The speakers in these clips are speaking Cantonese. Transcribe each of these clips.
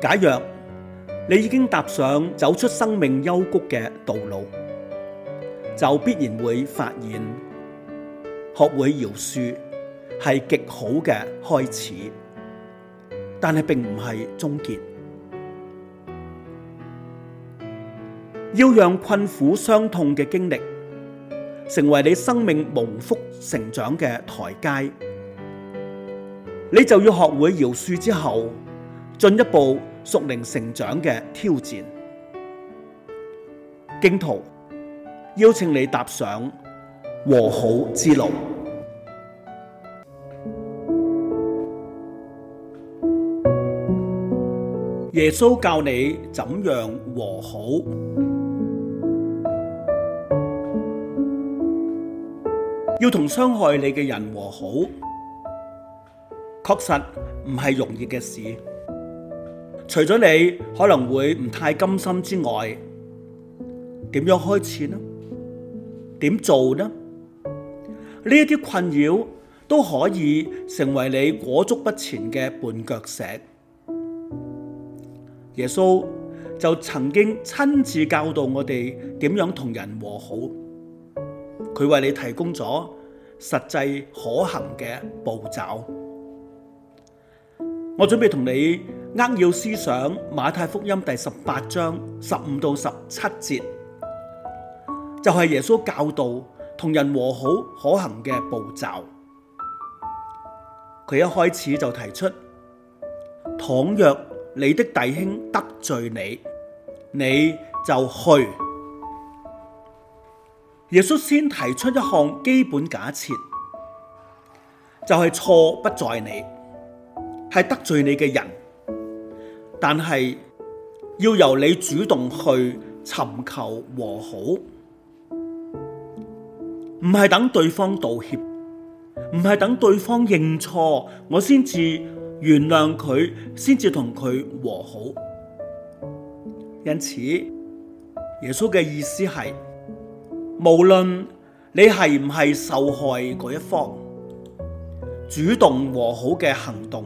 假若你已經踏上走出生命幽谷嘅道路，就必然會發現學會饒恕係極好嘅開始，但係並唔係終結。要讓困苦傷痛嘅經歷成為你生命蒙福成長嘅台階，你就要學會饒恕之後進一步。熟齡成長嘅挑戰，荊徒，邀請你踏上和好之路。耶穌教你怎樣和好，要同傷害你嘅人和好，確實唔係容易嘅事。除咗你可能會唔太甘心之外，點樣開始呢？點做呢？呢一啲困擾都可以成為你裹足不前嘅絆腳石。耶穌就曾經親自教導我哋點樣同人和好，佢為你提供咗實際可行嘅步驟。我準備同你。扼要思想，馬太福音第十八章十五到十七節，就係耶穌教導同人和好可行嘅步驟。佢一開始就提出：倘若你的弟兄得罪你，你就去。耶穌先提出一項基本假設，就係錯不在你，係得罪你嘅人。但係要由你主動去尋求和好，唔係等對方道歉，唔係等對方認錯，我先至原諒佢，先至同佢和好。因此，耶穌嘅意思係，無論你係唔係受害嗰一方，主動和好嘅行動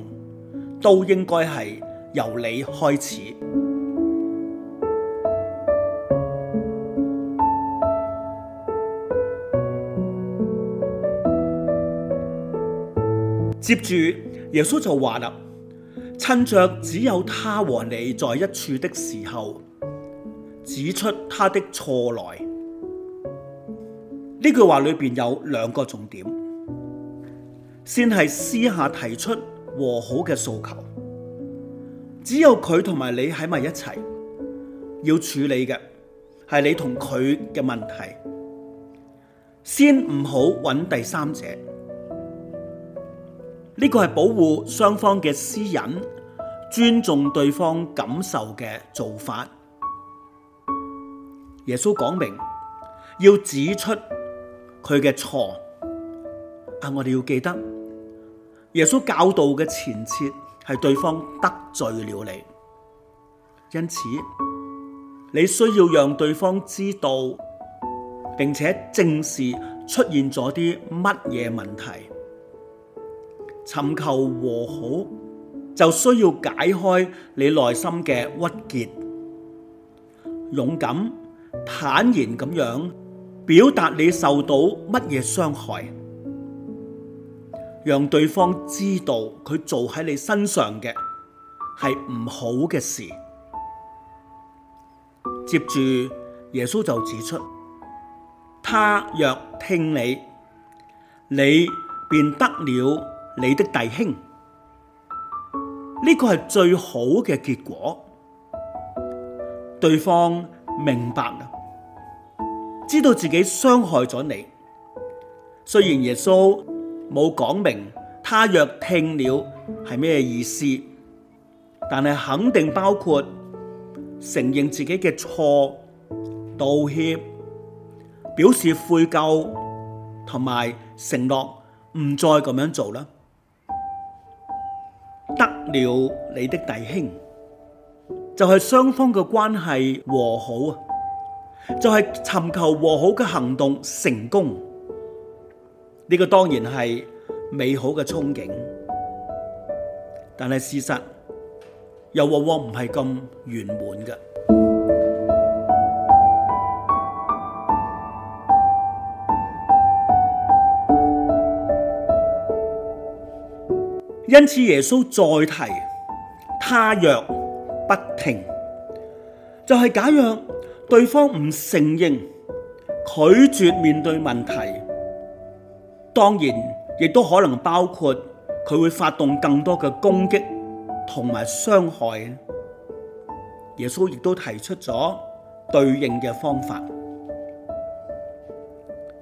都應該係由你開始。接住，耶穌就話啦：趁着只有他和你在一處的時候，指出他的錯來。呢句話裏邊有兩個重點，先係私下提出和好嘅訴求。只有佢同埋你喺埋一齊，要處理嘅係你同佢嘅問題，先唔好搵第三者。呢個係保護雙方嘅私隱、尊重對方感受嘅做法。耶穌講明要指出佢嘅錯，但係我哋要記得耶穌教導嘅前設。係對方得罪了你，因此你需要讓對方知道，並且正視出現咗啲乜嘢問題，尋求和好就需要解開你內心嘅鬱結，勇敢坦然咁樣表達你受到乜嘢傷害。讓對方知道佢做喺你身上嘅係唔好嘅事。接住耶穌就指出：「他若聽你，你便得了你的弟兄。」呢個係最好嘅結果。對方明白啦，知道自己傷害咗你。雖然耶穌冇講明，他若聽了係咩意思？但係肯定包括承認自己嘅錯、道歉、表示悔疚同埋承諾唔再咁樣做啦。得了你的弟兄，就係雙方嘅關係和好啊！就係尋求和好嘅行動成功。呢個當然係美好嘅憧憬，但係事實又往往唔係咁圓滿嘅。因此耶穌再提，他若不聽」，就係、是、假若對方唔承認，拒絕面對問題。當然，亦都可能包括佢會發動更多嘅攻擊同埋傷害。耶穌亦都提出咗對應嘅方法。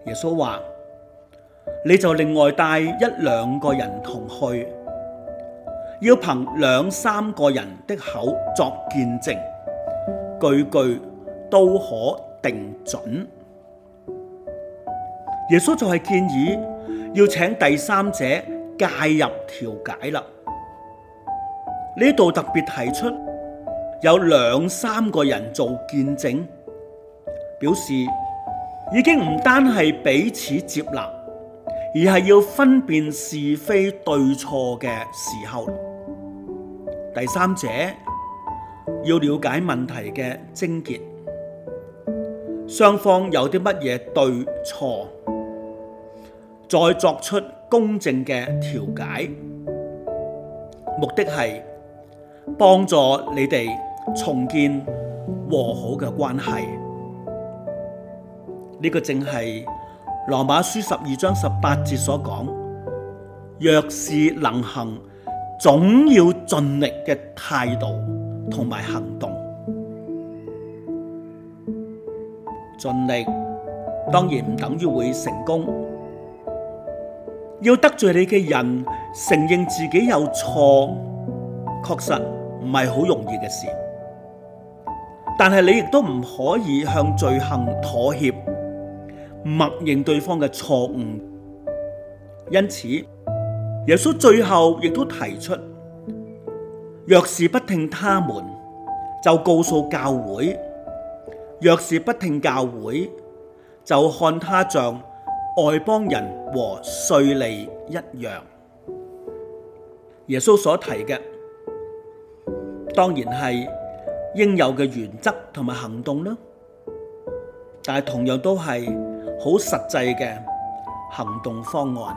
耶穌話：「你就另外帶一兩個人同去，要憑兩三個人的口作見證，句句都可定準。」耶穌就係建議。要請第三者介入調解啦。呢度特別提出有兩三個人做見證，表示已經唔單係彼此接納，而係要分辨是非對錯嘅時候，第三者要了解問題嘅症結，雙方有啲乜嘢對錯。再作出公正嘅調解，目的係幫助你哋重建和好嘅關係。呢個正係《羅馬書》十二章十八節所講，若是能行，總要盡力嘅態度同埋行動。盡力當然唔等於會成功。要得罪你嘅人，承認自己有錯，確實唔係好容易嘅事。但係你亦都唔可以向罪行妥協，默認對方嘅錯誤。因此，耶穌最後亦都提出：「若是不聽他們，就告訴教會；若是不聽教會，就看他像。外邦人和稅吏一樣，耶穌所提嘅當然係應有嘅原則同埋行動啦，但係同樣都係好實際嘅行動方案。